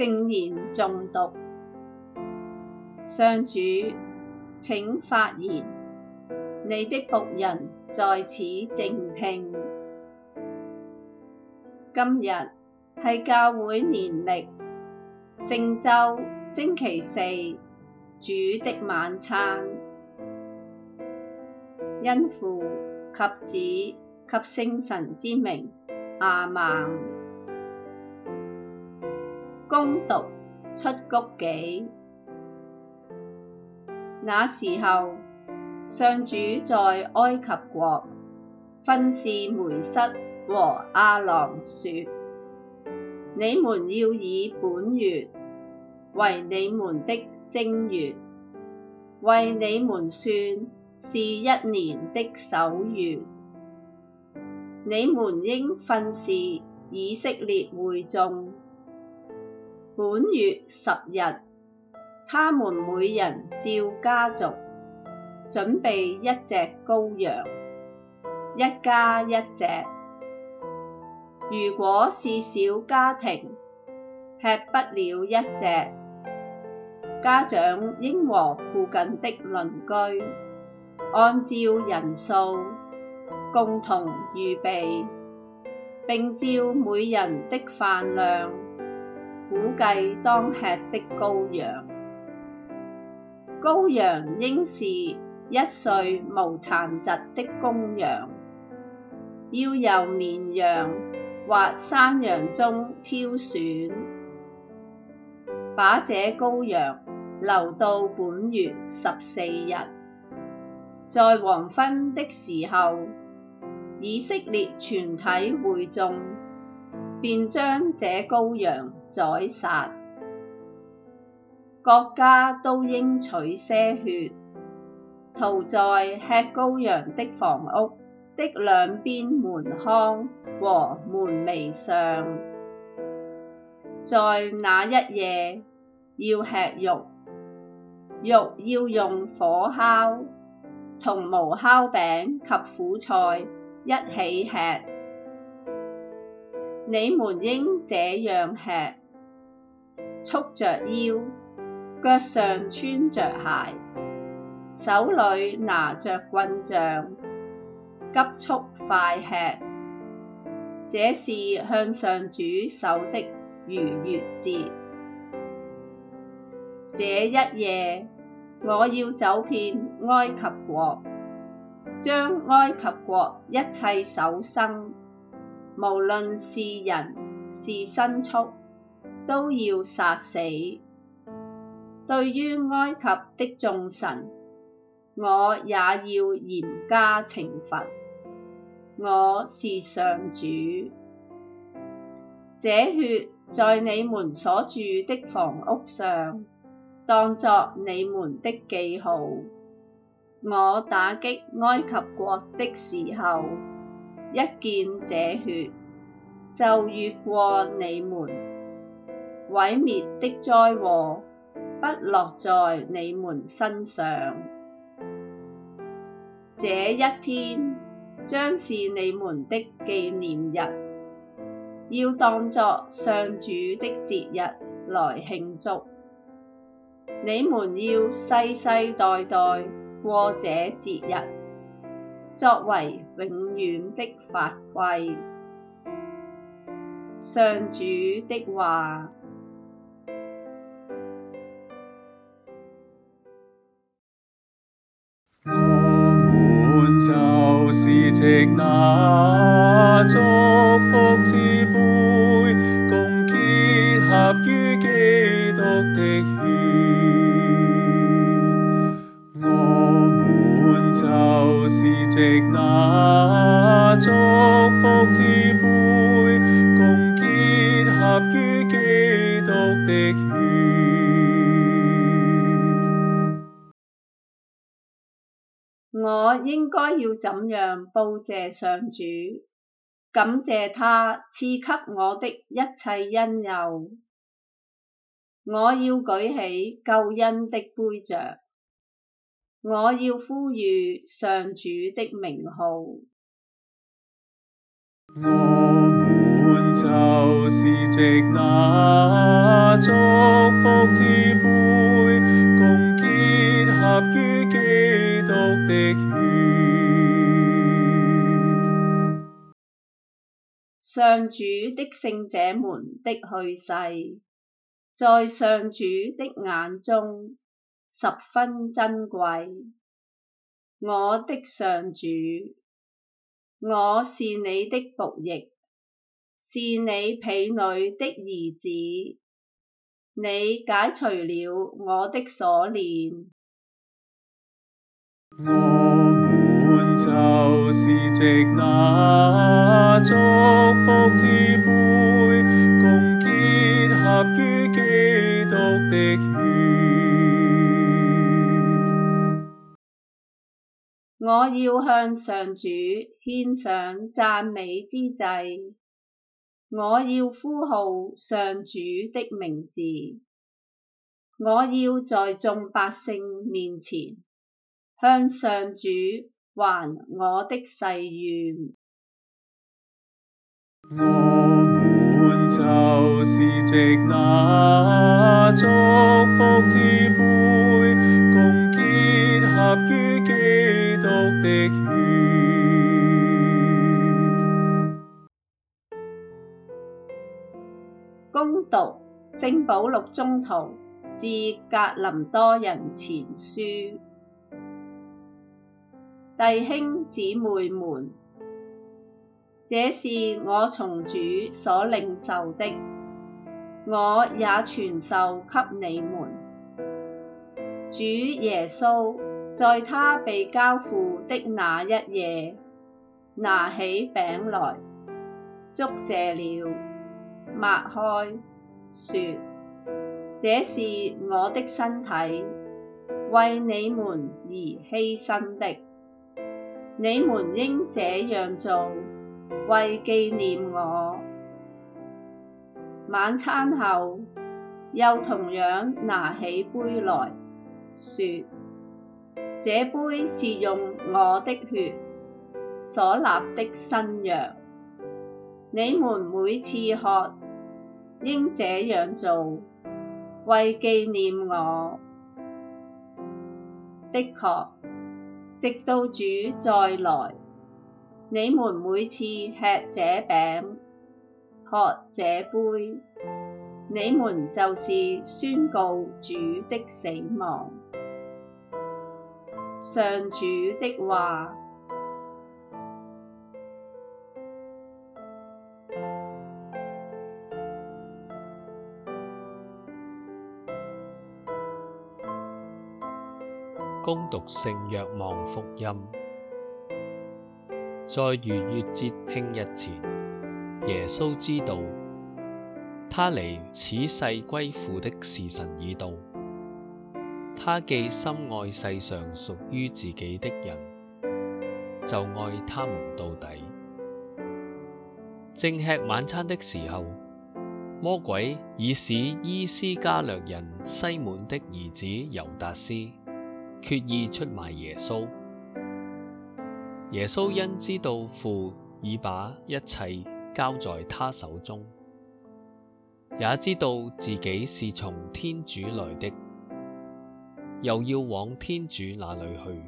聖言誦讀，上主，請發言，你的僕人在此靜聽。今日係教會年曆聖周星期四，主的晚餐，因父及子及聖神之名，亞孟。恭讀出谷記，那時候，上主在埃及國訓示梅瑟和亞郎說：你們要以本月，為你們的正月，為你們算是一年的首月，你們應訓示以色列會眾。本月十日，他們每人照家族，準備一隻羔羊，一家一隻。如果是小家庭，吃不了一隻，家長應和附近的鄰居，按照人數，共同預備，並照每人的飯量。估計當吃的羔羊，羔羊應是一歲無殘疾的公羊，要由綿羊或山羊中挑選。把這羔羊留到本月十四日，在黃昏的時候，以色列全體會眾便將這羔羊宰殺，各家都應取些血，塗在吃羔羊的房屋的兩邊門框和門楣上。在那一夜要吃肉，肉要用火烤，同無酵餅及苦菜一起吃。你們應這樣吃。束着腰，腳上穿著鞋，手裏拿著棍杖，急速快吃。這是向上主守的逾越節。這一夜，我要走遍埃及國，將埃及國一切首生，無論是人是牲畜。都要殺死。對於埃及的眾神，我也要嚴加懲罰。我是上主，這血在你們所住的房屋上，當作你們的記號。我打擊埃及國的時候，一見這血，就越過你們。毀滅的災禍，不落在你們身上。這一天，將是你們的紀念日，要當作上主的節日來慶祝。你們要世世代代過這節日，作為永遠的法規。上主的話。我們就是藉那祝福之杯，共結合於基督的血。我們就是藉那。應該要怎樣報謝上主？感謝他賜給我的一切恩佑。我要舉起救恩的杯爵，我要呼籲上主的名號。我們就是藉那上主的聖者們的去世，在上主的眼中，十分珍貴。我的上主，我是你的僕役，是你婢女的兒子。你解除了我的鎖鏈。嗯就是藉那祝福之杯，共結合於基督的血。我要向上主獻上讚美之祭，我要呼號上主的名字，我要在眾百姓面前向上主，還我的誓願，我們就是藉那祝福之杯，共結合於基督的血。恭讀《聖保祿宗徒致格林多人前書》。弟兄姊妹們，這是我從主所領受的，我也傳授給你們。主耶穌在他被交付的那一夜，拿起餅來，祝謝了，擘開，說：這是我的身體，為你們而犧牲的。你們應這樣做，為紀念我。晚餐後，又同樣拿起杯來，説：這杯是用我的血所立的新約。你們每次喝，應這樣做，為紀念我。的確，直到主再來，你們每次吃這餅、喝這杯，你們就是宣告主的死亡。上主的話。恭讀聖若望福音，在逾越節慶日前，耶穌知道他離此世歸父的時辰已到。他既深愛世上屬於自己的人，就愛他們到底。正吃晚餐的時候，魔鬼已使依斯加略人西滿的兒子猶達斯。決意出賣耶穌。耶穌因知道父已把一切交在他手中，也知道自己是從天主來的，又要往天主那裡去，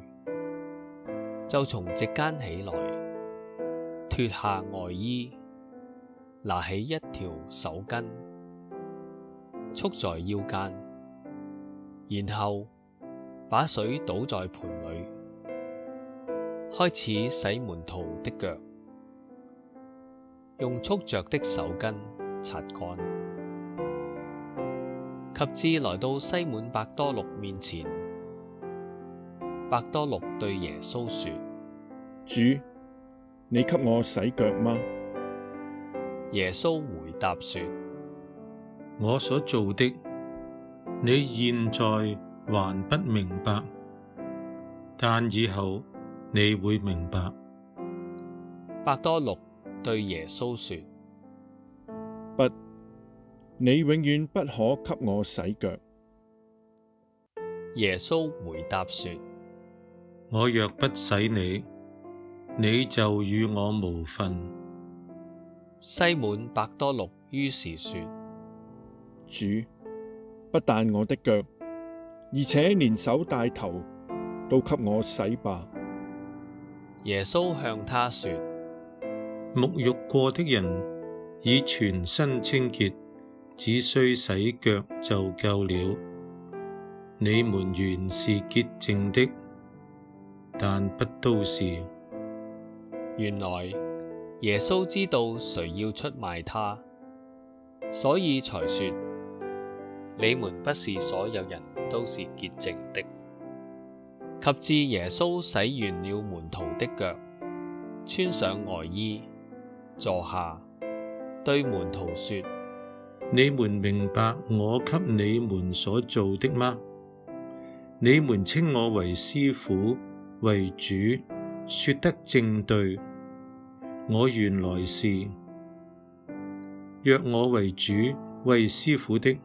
就從席間起來，脫下外衣，拿起一條手巾，束在腰間，然後，把水倒在盆裡，開始洗門徒的腳，用束著的手巾擦乾。及至來到西滿伯多祿面前，伯多祿對耶穌說：主，你給我洗腳嗎？耶穌回答說：我所做的，你現在。還不明白，但以後你會明白。伯多祿對耶穌說：不，你永遠不可給我洗腳。耶穌回答說：我若不洗你，你就與我無分。西滿伯多祿於是說：主，不但我的腳。而且連手帶頭都給我洗吧。耶穌向他說：沐浴過的人已全身清潔，只需洗腳就夠了。你們原是潔淨的，但不都是。原來耶穌知道誰要出賣他，所以才說。你們不是所有人都是潔淨的。及至耶穌洗完了門徒的腳，穿上外衣，坐下，對門徒說：你們明白我給你們所做的嗎？你們稱我為師父，為主，說得正對。我原來是。若我為主、為師父的，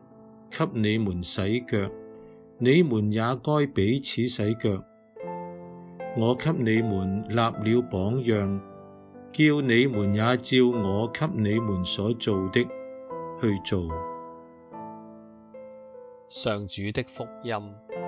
給你們洗腳，你們也該彼此洗腳。我給你們立了榜樣，叫你們也照我給你們所做的去做。上主的福音。